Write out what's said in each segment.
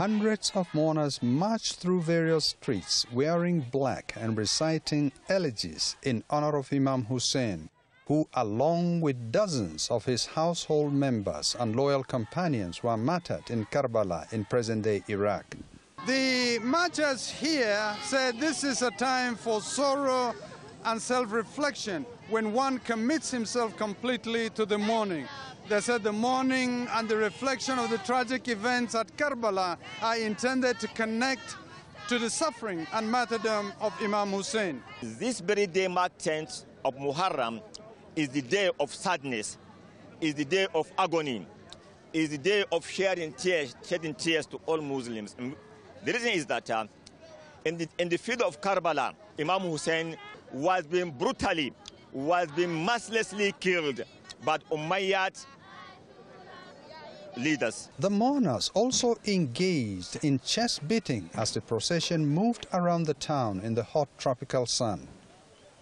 Hundreds of mourners marched through various streets wearing black and reciting elegies in honor of Imam Hussein, who, along with dozens of his household members and loyal companions, were martyred in Karbala in present day Iraq. The marchers here said this is a time for sorrow and self-reflection when one commits himself completely to the mourning. They said the mourning and the reflection of the tragic events at Karbala are intended to connect to the suffering and martyrdom of Imam Hussein. This very day, March 10th of Muharram, is the day of sadness, is the day of agony, is the day of sharing tears, shedding tears to all Muslims. The reason is that uh, in, the, in the field of Karbala, Imam Hussein was being brutally, was being mercilessly killed by Umayyad leaders. The mourners also engaged in chest beating as the procession moved around the town in the hot tropical sun.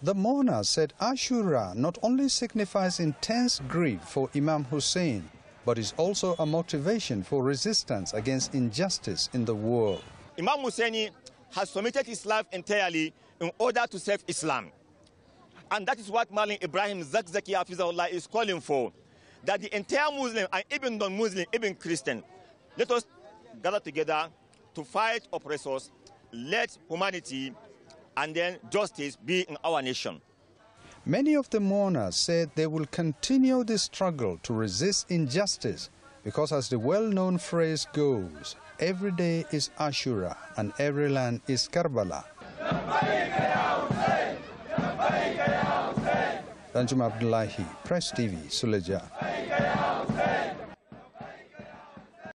The mourners said Ashura not only signifies intense grief for Imam Hussein, but is also a motivation for resistance against injustice in the world. Imam Hussein has submitted his life entirely in order to save Islam. And that is what Malin Ibrahim Zakzaki Hafizahullah is calling for. That the entire Muslim and even non-Muslim, even Christian, let us gather together to fight oppressors. Let humanity and then justice be in our nation. Many of the mourners said they will continue the struggle to resist injustice because as the well-known phrase goes, every day is Ashura and every land is Karbala. Tanjung Abdullahi, Press TV, Suleja.